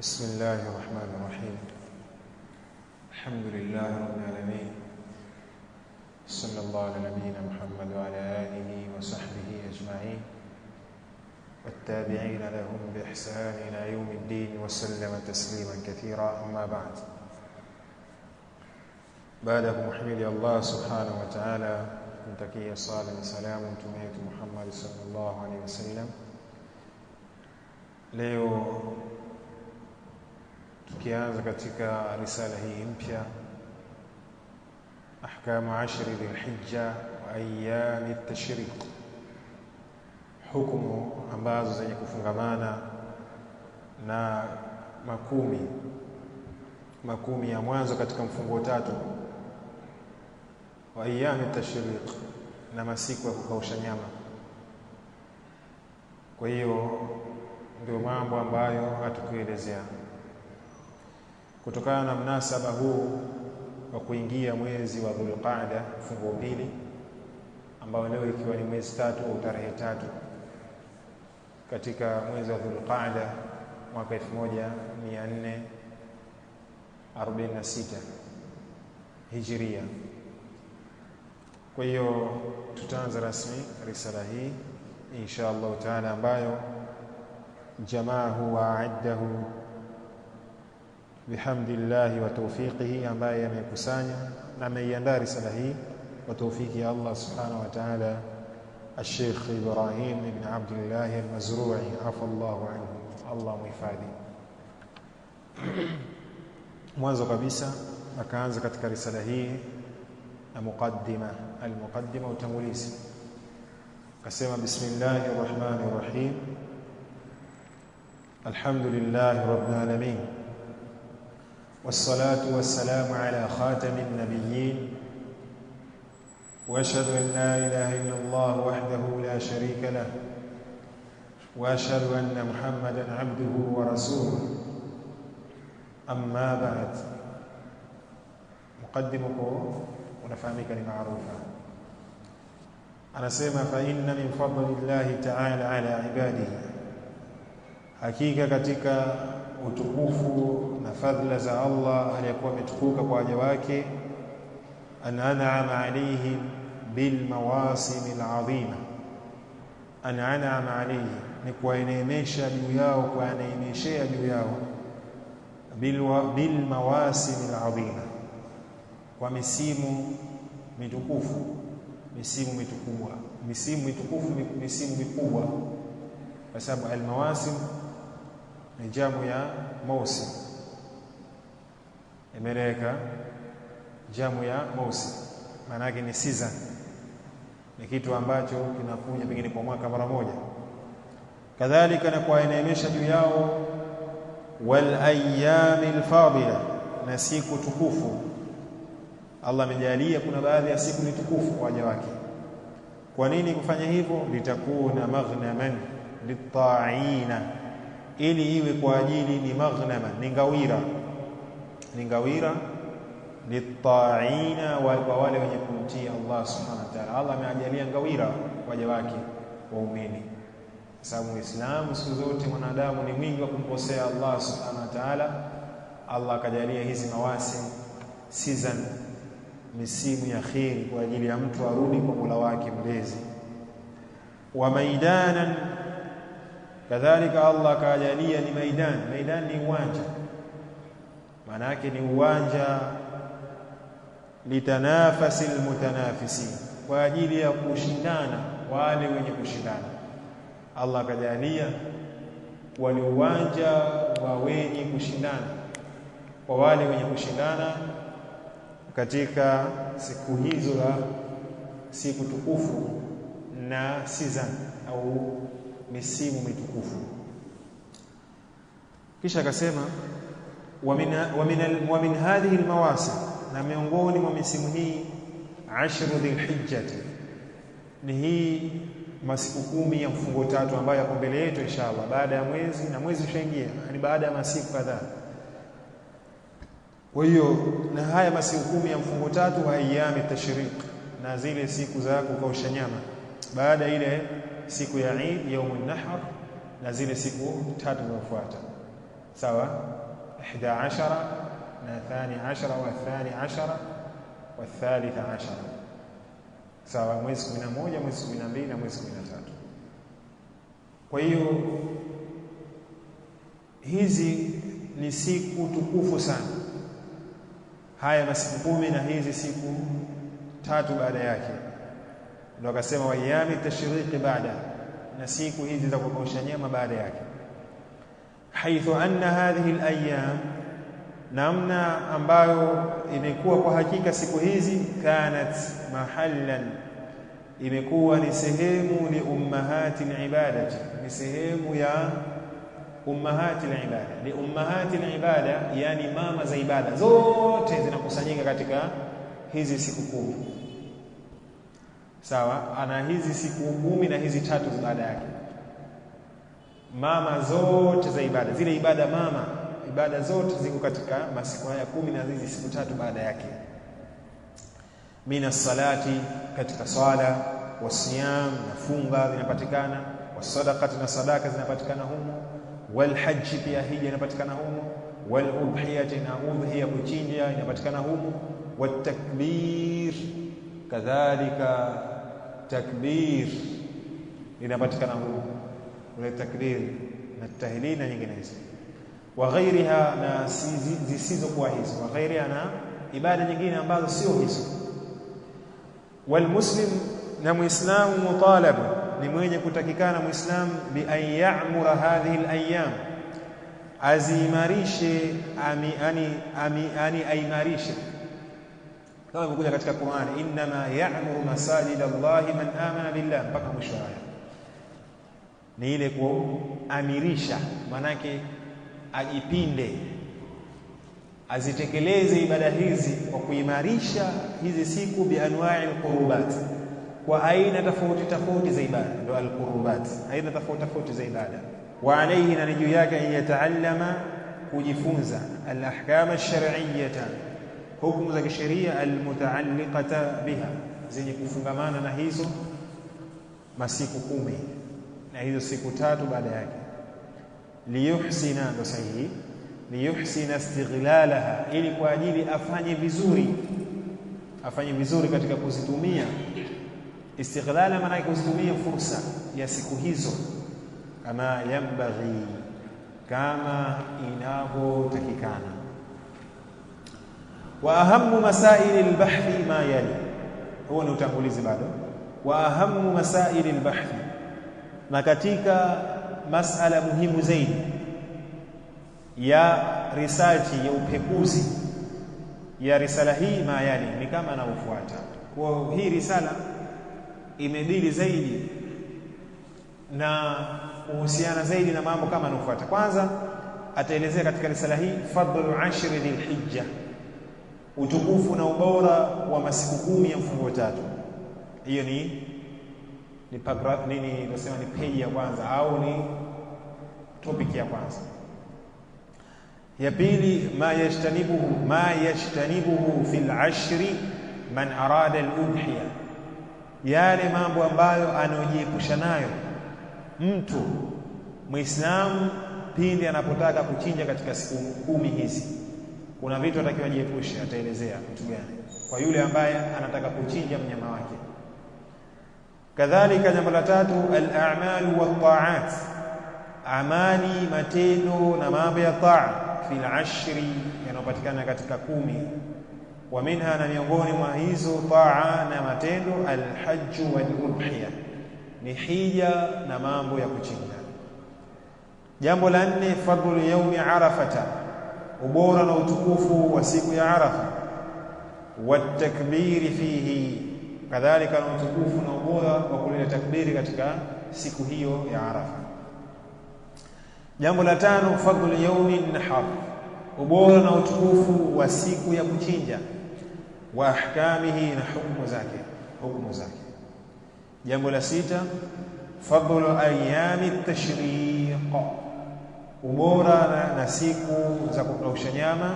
بسم الله الرحمن الرحيم الحمد لله رب العالمين صلى الله على نبينا محمد وعلى آله وصحبه أجمعين والتابعين لهم بإحسان إلى يوم الدين وسلم تسليما كثيرا أما بعد بعد محمد الله سبحانه وتعالى من متكي صالح سلام تمية محمد صلى الله عليه وسلم ليو tukianza katika risala hii mpya ahkamu ashri dhilhija wa ayami tashriq, hukumu ambazo zenye kufungamana na makumi makumi ya mwanzo katika mfungo tatu wa ayami tashriq, na masiku ya kukausha nyama. Kwa hiyo ndio mambo ambayo hatukuelezea kutokana na mnasaba huu wa kuingia mwezi wa Dhulqaada mfungo pili ambao leo ikiwa ni mwezi tatu au tarehe tatu katika mwezi wa Dhulqaada mwaka 1446 Hijria. Kwa hiyo tutaanza rasmi risala hii insha Allah taala ambayo jamaa huwa aaddahu bihamdillahi wa tawfiqihi ambaye amekusanya na ameiandaa risala hii kwa tawfiki ya Allah subhanahu wa ta'ala الشيخ إبراهيم بن عبد الله المزروعي عفى الله عنه الله muhifadhi mwanzo kabisa akaanza katika risala hii na muqaddima almuqaddima utangulizi akasema bismillahir rahmanir rahim alhamdulillahirabbil alamin والصلاة والسلام على خاتم النبيين وأشهد أن لا إله إلا الله وحده لا شريك له وأشهد أن محمدا عبده ورسوله أما بعد مقدمكم ونفهمك ni أنا سيما فإن من فضل الله تعالى على عباده حقيقة كتك utukufu na fadhila za Allah aliyekuwa ametukuka kwa waja wake, an an'ama alayhim bil mawasim al adhima. An an'ama alayhim ni kuwaneemesha juu yao, kuwaneemeshea juu yao bil mawasim al adhima, kwa misimu mitukufu, misimu mitukubwa, misimu mitukufu, misimu mikubwa, kwa sababu al mawasim ni jamu ya mausim imeleweka jamu ya mosi maana yake ni season, ni kitu ambacho kinakuja pengine kwa mwaka mara moja. Kadhalika na inaemesha juu yao wal ayyamil fadila na siku tukufu. Allah amejalia kuna baadhi ya siku ni tukufu kwa waja wake. Kwa nini kufanya hivyo? litakuna maghnaman litaina, ili iwe kwa ajili ni maghnama, ni ngawira ni ngawira litaina wa kwa wale wenye kumtii Allah subhanahu wa ta'ala. Allah ameajalia ngawira waja wake waumini, sababu Muislamu siku zote mwanadamu ni mwingi wa kumkosea Allah subhanahu wa ta'ala. Allah akajalia hizi mawasi season misimu ya kheri kwa ajili ya mtu arudi kwa Mola wake mlezi wa maidanan kadhalika, Allah kajalia ni maidan. Maidan ni uwanja maana yake ni uwanja litanafasi almutanafisi kwa ajili ya kushindana wale wenye kushindana. Allah akajalia kuwa ni uwanja wa wenye kushindana, kwa wale wenye kushindana katika siku hizo za siku tukufu na season au misimu mitukufu. Kisha akasema wa min hadhihi almawasim, na miongoni mwa misimu hii ashru dhilhijjah ni hii masiku kumi ya mfungo tatu ambayo yako mbele yetu inshallah, baada ya mwezi na mwezi ushaingia, ni baada ya masiku kadhaa. Kwa hiyo na haya masiku kumi ya mfungo tatu, wa ayami tashriq, na zile siku za kukausha nyama baada ile siku ya Eid yaumun nahar, na zile siku tatu zinazofuata, sawa إحدى عشرة na thani ashara wa thani wa thalitha sawa mwezi kumi na moja mwezi kumi na mwezi kumi kwa hiyo hizi ni siku tukufu sana haya masiku kumi na hizi siku tatu baada yake ndio akasema waiyami tashriqi baada na siku hizi za kukausha nyama baada yake haithu anna hadhihi al-ayyam, namna ambayo imekuwa kwa hakika siku hizi, kanat mahallan, imekuwa ni sehemu li ummahati ibadati ni sehemu ya ummahati al-ibada, li ummahati ibada yani mama za ibada zote zinakusanyika katika hizi siku kumi. Sawa, ana hizi siku kumi na hizi tatu baada yake mama zote za ibada, zile ibada mama, ibada zote ziko katika masiku haya kumi na hizi siku tatu baada yake, mina salati, katika swala, wasiyam na funga zinapatikana, wasadaqati na sadaka zinapatikana humo, walhaji pia hija inapatikana humo, waludhiyati na udhiya kuchinja inapatikana humo, watakbir kadhalika takbir inapatikana humo ule takdiri na tahili na nyinginezo wa ghairiha na zisizokuwa hizo wa ghairiha na ibada nyingine ambazo sio hizo walmuslim na muislamu mutalabu ni mwenye kutakikana muislamu bi an ya'mura hadhihi al-ayyam aziimarishe ami ani ami ani aimarishe kama imekuja katika Qur'an inma ya'muru masajid Allah man amana billah mpaka mwisho aya ni ile kuamirisha, manake ajipinde azitekeleze ibada hizi kwa kuimarisha hizi siku bianwai lqurubat, kwa aina tofauti tofauti za ibada. Ndio alqurubat, aina tofauti tofauti za ibada. Wa alaihi, na juu yake, an yataallama, kujifunza alahkama alshariyata, hukumu za kisheria, almutaalliqata biha, zenye kufungamana na hizo masiku kumi na hizo siku tatu baada yake liyuhsina, ndo sahihi liyuhsina istighlalaha, ili kwa ajili afanye vizuri, afanye vizuri katika kuzitumia. Istighlala maana kuzitumia fursa ya siku hizo, kama yambaghi, kama inavyotakikana. Wa ahamu masaili lbahthi ma yali, huo ni utangulizi bado. Wa ahamu masaili lbahthi na katika masala muhimu zaidi ya risachi ya upekuzi ya risala hii maayani ni kama anavyofuata. Kwa hii risala imedili zaidi na kuhusiana zaidi na mambo kama anaofuata. Kwanza ataelezea katika risala hii fadlu ashri dhilhijja, utukufu na ubora wa masiku kumi ya mfungo tatu. Hiyo ni ni paragraph nini, nasema ni page ya kwanza au ni topic ya kwanza. Ya pili, ma yajtanibuhu ma yajtanibuhu fil ashri man arada al udhiya, yale mambo ambayo anayojiepusha nayo mtu Muislamu pindi anapotaka kuchinja katika siku kumi hizi, kuna vitu atakiwa jiepushe. Ataelezea mtu gani kwa yule ambaye anataka kuchinja mnyama wake kadhalika jambo la tatu al amal wat-ta'at amali matendo na mambo ya taa fi al-ashri yanayopatikana katika kumi wa minha na miongoni mwa hizo taa na matendo al-hajj al udhiya ni hija na mambo ya kuchinja jambo la nne fadlu yaumi arafata ubora na utukufu wa siku ya arafa takbiri fihi kadhalika na utukufu na ubora wa kuleta takbiri katika siku hiyo ya Arafa. Jambo la tano, fadhlu yaumi nahar, ubora na utukufu wa siku ya kuchinja, wa ahkamihi, na hukumu zake, hukumu zake. Jambo la sita, fadhlu ayami tashriq, ubora na, na siku za kukausha nyama,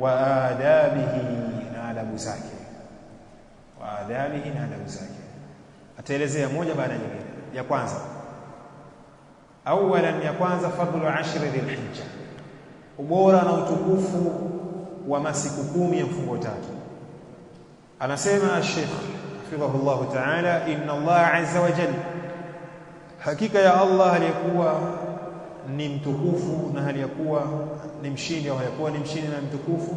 wa adabihi, na adabu zake wa adhabihi, na adhabu zake. Ataelezea moja baada ya nyingine. Ya kwanza, awalan, ya kwanza fadlu ashri dhilhijja, ubora na utukufu wa masiku kumi ya mfungo tatu. Anasema ashekh hafidhahu Allah taala, inna Allah azza wa jalla, hakika ya Allah aliyekuwa ni mtukufu na hali ya kuwa ni mshindi au hayakuwa ni mshindi na mtukufu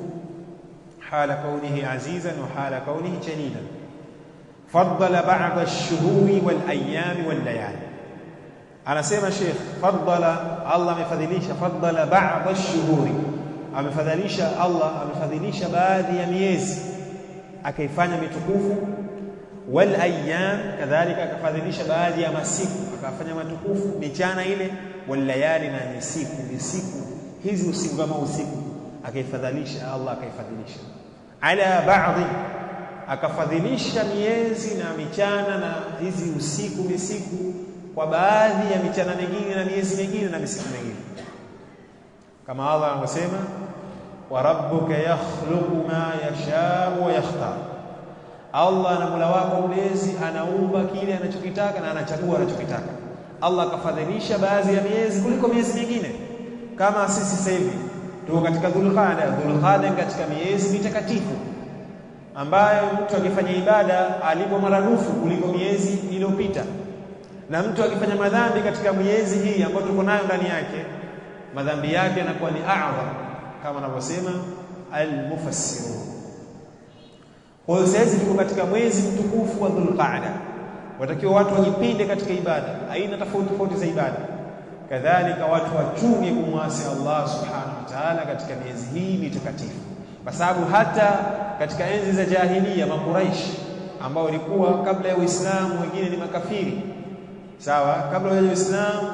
حال كونه عزيزا وحال كونه جليلا فضل بعض الشهور والأيام والليالي anasema Sheikh fadala Allah amefadhilisha fadala ba'd ash-shuhuri amefadhilisha Allah amefadhilisha baadhi ya miezi akaifanya mitukufu wal ayyam kadhalika akafadhilisha baadhi ya masiku akafanya matukufu michana ile wal layali na misiku misiku hizi usiku kama usiku akaifadhilisha Allah akaifadhilisha ala baadhi akafadhilisha miezi na michana na hizi usiku misiku kwa baadhi ya michana mingine na miezi mingine na misiku mingine kama Allah anasema wa rabbuka yakhluqu ma yashau wa yakhtar Allah na mula wako mlezi anaumba kile anachokitaka na anachagua anachokitaka Allah akafadhilisha baadhi ya miezi kuliko miezi mingine kama sisi sasa hivi tuko katika Dhulqaada. Dhulqaada ni katika miezi mitakatifu ambayo mtu akifanya ibada alipo maradufu kuliko miezi iliyopita, na mtu akifanya madhambi katika miezi hii ambayo tuko nayo ndani yake, madhambi yake yanakuwa ni a'dham kama anavyosema almufassirun. Kwa hiyo sasa tuko katika mwezi mtukufu wa Dhulqaada, watakiwa watu wajipinde katika ibada, aina tofauti tofauti za ibada. Kadhalika watu wachunge kumwasi Allah subhanahu taala katika miezi hii mitakatifu, kwa sababu hata katika enzi za jahiliya makuraishi ambao walikuwa kabla ya Uislamu, wengine ni makafiri sawa. Kabla ya Uislamu,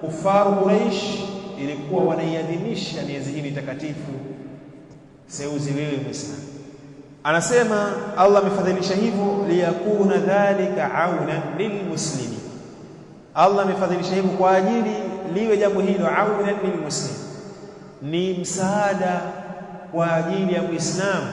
kufaru Quraish ilikuwa wanaiadhimisha miezi hii mitakatifu. Seuzi wewe Muislamu, anasema Allah amefadhilisha hivyo, liyakuna dhalika auna lilmuslimin. Allah amefadhilisha hivyo kwa ajili liwe jambo hilo auna lilmuslimin ni msaada kwa ajili ya Muislamu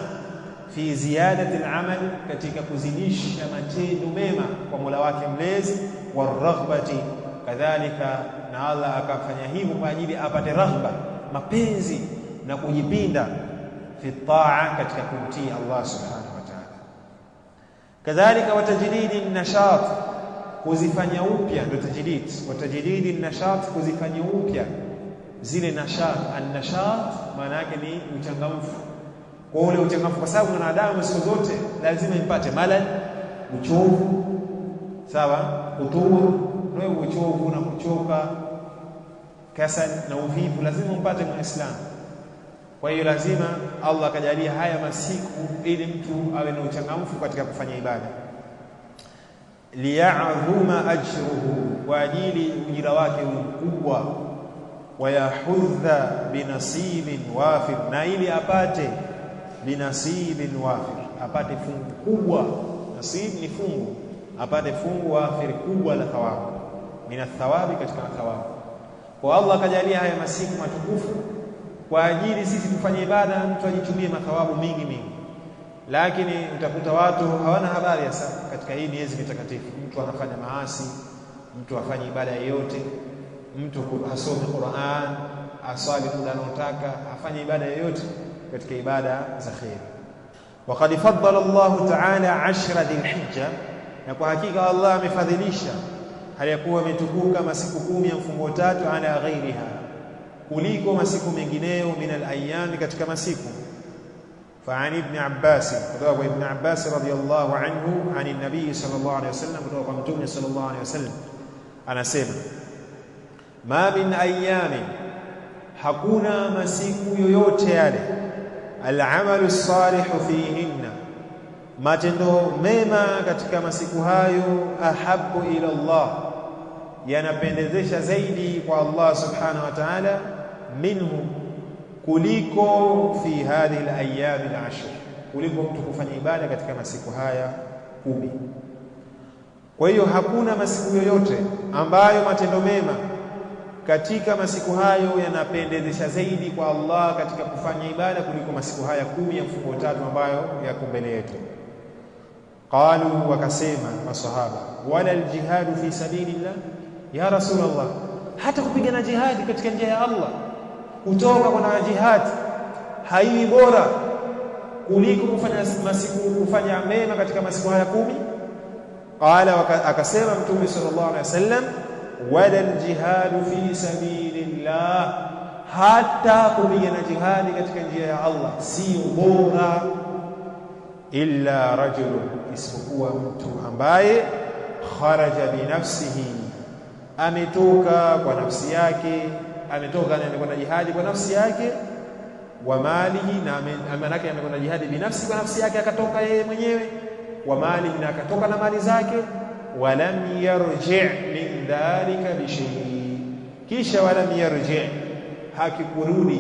fi ziyadati al katika kuzidisha matendo mema kwa Mola wake mlezi wa raghbati kadhalika, na Allah akafanya hivyo kwa ajili apate raghba, mapenzi na kujipinda fi taa, katika kumtii Allah subhanahu wa ta'ala. Kadhalika watajdidi nashat, kuzifanya upya, ndio tajdid, watajdidi nashat, kuzifanya upya zile nashat. an maana yake ni uchangamfu, kwa ule uchangamfu, kwa sababu mwanadamu siku zote lazima ipate malali uchovu, sawa, kuturu ndio uchovu na kuchoka, kasa na uvivu, lazima mpate Muislamu. Kwa hiyo lazima Allah akajalia haya masiku ili mtu awe na uchangamfu katika kufanya ibada, liya'dhuma ajruhu, kwa ajili ujira wake mkubwa wayahudha binasibin wafir, na ili apate binasibin wafir, apate fungu kubwa. Nasib ni fungu, apate fungu wafir kubwa la thawabu, mina thawabi, katika thawabu. Kwa Allah akajalia haya masiku matukufu kwa ajili sisi tufanye ibada na mtu ajitumie mathawabu mingi mingi, lakini utakuta watu hawana habari sana katika hii miezi mitakatifu. Mtu anafanya maasi, mtu afanye ibada yoyote mtu asome Qur'an asali muda anaotaka afanye ibada yoyote katika ibada za khair waqad faddala Allah ta'ala 'ashra dhilhijja na kwa hakika Allah amefadhilisha hali ya kuwa ametukuka masiku kumi ya mfungo tatu ala ghairiha kuliko masiku mengineyo min al-ayyam katika masiku فعن ابن عباس كذلك ابن عباس رضي الله عنه عن النبي صلى الله عليه وسلم كذلك صلى الله عليه وسلم أنا سيما ma min ayami, hakuna masiku yoyote yale, alamalu salihu fihinna, matendo mema katika masiku hayo, ahabu ila Allah, yanapendezesha zaidi kwa Allah subhanahu wa ta'ala, minhu, kuliko fi hadhihi alayami alashr, kuliko mtu kufanya ibada katika masiku haya kumi. Kwa hiyo hakuna masiku yoyote ambayo matendo mema katika masiku hayo yanapendezesha zaidi kwa Allah katika kufanya ibada kuliko masiku haya kumi ya mfungo tatu ambayo yako mbele yetu. Qalu, wakasema masahaba, wala aljihadu fi sabilillah ya Rasulullah, hata kupigana jihadi katika njia ya Allah, kutoka kwa jihadi haiwi bora kuliko kufanya masiku kufanya mema katika masiku haya kumi. Qala, akasema Mtume sallallahu alaihi wasallam wala aljihadu fi sabilillah, hata kupigana jihadi katika njia ya Allah si bora, illa rajulun, isipokuwa mtu ambaye kharaja binafsihi, ametoka kwa nafsi yake, ametoka amekwenda jihadi kwa nafsi yake wa malihi, na manake amekwenda jihadi binafsi kwa nafsi yake, akatoka yeye mwenyewe wa malihi, na akatoka na mali zake, walam yarji dhalika bishay'i, kisha walam yarji, hakikurudi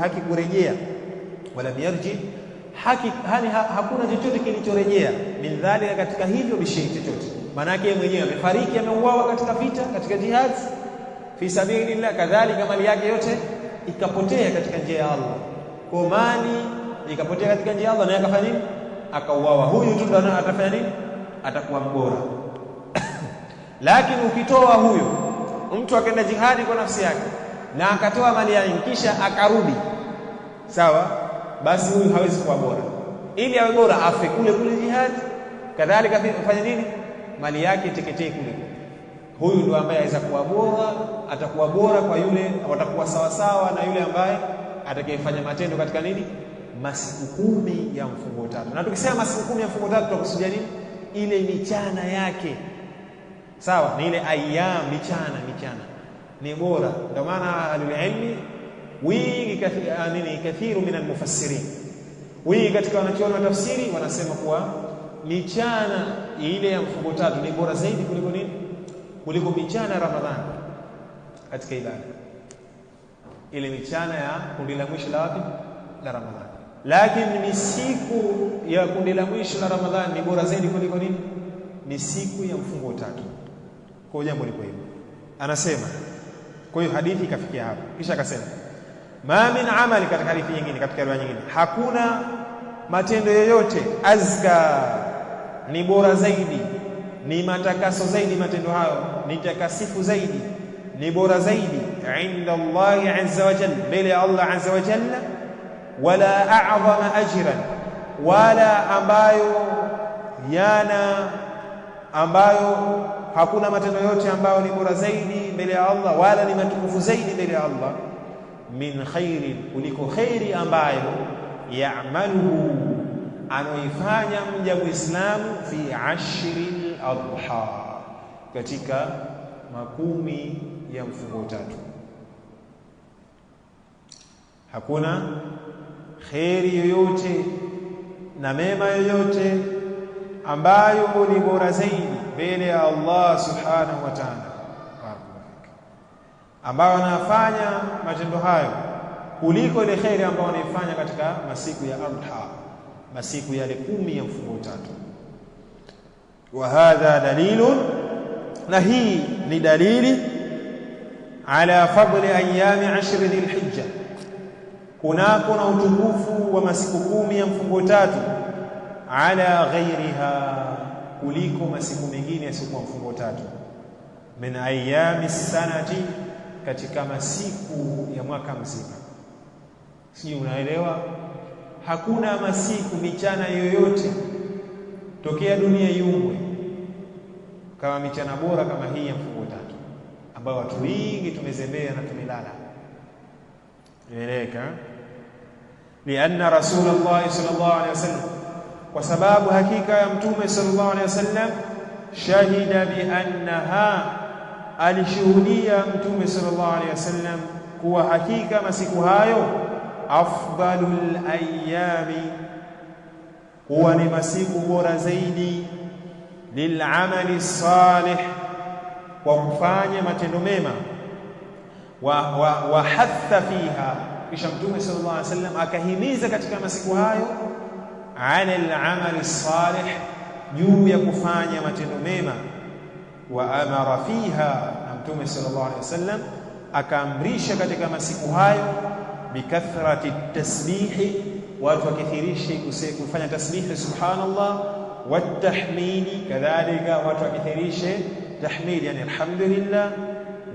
hakikurejea, walam yarji haki, hali ha, hakuna chochote kilichorejea min dhalika, katika hivyo bishay'i, chochote. Maana yake mwenyewe amefariki, ameuawa katika vita, katika jihad fi sabilillah, kadhalika mali yake yote ikapotea katika njia ya Allah, kwa mali ikapotea katika njia ya Allah, naye akafanya nini? Akauawa. Huyu tu ndo atafanya nini? Atakuwa mbora lakini ukitoa huyo mtu akaenda jihadi kwa nafsi yake na akatoa mali yake kisha akarudi, sawa, basi huyu hawezi kuwa bora. Ili awe bora, afe kule kule jihadi, kadhalika kufanya nini, mali yake teketee kule. Huyu ndio ambaye aweza kuwa bora, atakuwa bora kwa yule, watakuwa sawasawa na yule ambaye atakayefanya matendo katika nini, masiku kumi ya mfungo tatu. Na tukisema masiku kumi ya mfungo tatu tunakusudia nini? Ile michana yake sawa, ni ile ayyam, michana michana ni bora. Ndio maana alilmi wingi ah, nini, kathiru min almufassirin, wingi katika wanachuoni wa tafsiri wanasema kuwa michana ile ya mfungo tatu ni bora zaidi kuliko nini, kuliko michana ya Ramadhani katika ibada ile michana ya kundi la mwisho la wapi la Ramadhani, lakini siku ya kundi la mwisho la Ramadhani ni bora zaidi kuliko nini, siku ya mfungo tatu kwa jambo liko hivyo anasema kwa hiyo hadithi ikafikia hapo kisha akasema ma min amali katika hadithi nyingine katika riwaya nyingine hakuna matendo yoyote azka ni bora zaidi ni matakaso zaidi matendo hayo ni takasifu zaidi ni bora zaidi inda Allah azza wa jalla mbele ya Allah azza wa jalla wala a'zama ajran wala ambayo yana ambayo hakuna matendo yote ambayo ni bora zaidi mbele ya Allah wala ni matukufu zaidi mbele ya Allah min khairi kuliko khairi ambayo yaamaluhu, anoifanya mja muislamu fi ashril adha katika makumi ya mfungo tatu. Hakuna kheri yoyote na mema yoyote ambayo ni bora zaidi mbele ya Allah subhanahu wa ta'ala, ambayo anafanya matendo hayo kuliko ile kheri ambayo anaifanya katika masiku ya adha, masiku yale kumi ya mfungo tatu. Wa hadha dalilun, na hii ni dalili ala fadli ayami ashri dhilhijja, kunako na utukufu wa masiku kumi ya mfungo tatu ala ghairiha, kuliko masiku mengine yasiyokuwa mfungo tatu, min ayami sanati, katika masiku ya mwaka mzima. Sijui unaelewa? Hakuna masiku michana yoyote tokea dunia iumbwe kama michana bora kama hii ya mfungo tatu, ambayo watu wengi tumezembea na tumelala. Imeeleweka? Eh? lianna Rasulullah sallallahu alaihi wasallam kwa sababu hakika ya mtume sallallahu alaihi wasallam shahida bi annaha alishuhudia mtume sallallahu alaihi wasallam kuwa hakika masiku hayo afdalul ayami huwa ni masiku bora zaidi lilamali salih kwa kufanya matendo mema wa, wa, wa hatha fiha kisha mtume sallallahu alaihi wasallam akahimiza katika masiku hayo ala al-amali salih juu ya kufanya matendo mema wa amara fiha na mtume sallallahu alaihi wasallam akaamrisha katika masiku hayo bikathrati tasbihi watu wakithirishi kufanya tasbihi subhanallah watahmidi kadhalika watu wakithirishe tahmidi yani alhamdulillah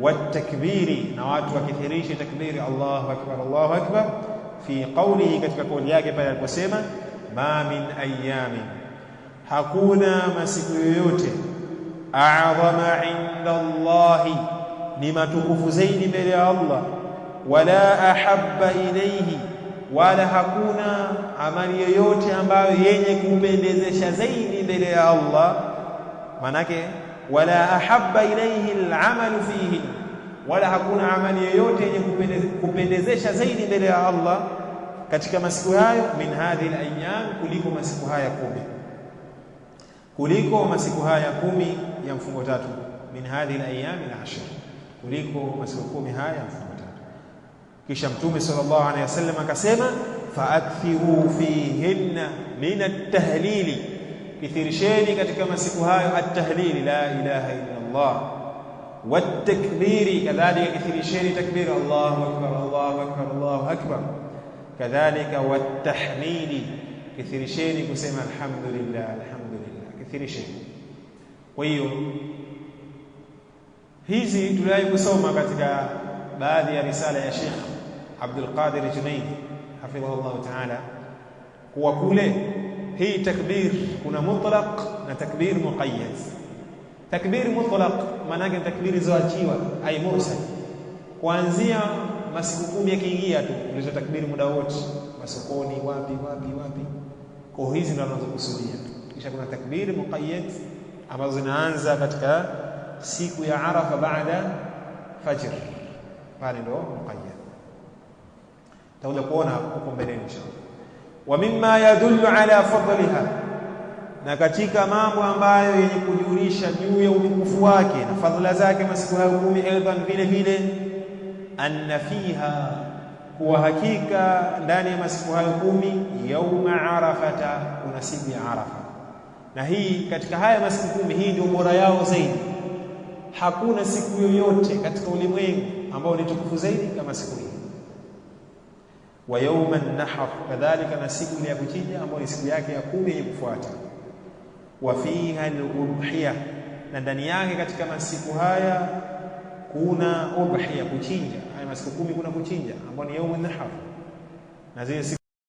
watakbiri na watu wakithirishe takbiri Allahu akbar Allahu akbar fi qawlihi katika kauli yake pale aliposema ma min ayamin, hakuna masiku yoyote a'dhama inda Allahi, ni matukufu zaidi mbele ya Allah, wala ahabba ilayhi, wala hakuna amali yoyote ambayo yenye kupendezesha zaidi mbele ya Allah. Manake wala ahabba ilayhi al'amalu fihi, wala hakuna amali yoyote yenye kupendezesha zaidi mbele ya Allah katika masiku hayo min hadhi al-ayyam kuliko masiku haya 10 kuliko masiku haya 10 ya mfungo tatu min hadhi al-ayyam al-ashr kuliko masiku 10 haya ya mfungo tatu kisha mtume sallallahu alayhi wasallam akasema fa faakthiru fihinna min at tahlil kithirisheni katika masiku hayo at tahlil la ilaha illa Allah wa والتكبير كذلك كثير شيء تكبير allahu akbar allahu akbar, allahu akbar. kadhalika watahmidi kithirisheni kusema alhamdulillah alhamdulillah kithirisheni kwa hiyo hizi tuliwahi kusoma katika baadhi ya risala ya Sheikh Abdul Qadir Junaidi hafidhahullah ta'ala kuwa kule hii takbir kuna mutlaq na takbir muqayyad takbir mutlaq maana yake takbir zilizoachiwa ay mursal kuanzia masiku kumi yakiingia tu kuleta takbiri muda wote masokoni, wapi wapi wapi. Kwa hizi ndio tunazokusudia Kisha kuna takbiri muqayyad ambazo zinaanza katika siku ya Arafa baada fajr, pale ndo muqayyad. Tutakuja kuona huko mbele inshallah. Wa mimma yadullu ala fadliha, na katika mambo ambayo yenye kujulisha juu ya utukufu wake na fadhila zake masiku hayo kumi, aidan vile vile anna fiha, kuwa hakika ndani ya masiku hayo kumi, yauma arafata, kuna siku ya Arafa. Na hii katika haya masiku kumi, hii ndio bora yao zaidi. Hakuna siku yoyote katika ulimwengu ambao ni tukufu zaidi kama siku hii. Wa yauma nahar, kadhalika na siku ya kuchinja ambayo ni siku yake ya kumi yenye kufuata. Wa fiha al-udhiya, na ndani yake katika masiku haya kuna udhiya, kuchinja siku kumi kuna kuchinja ambao ni yaumu nahar na zile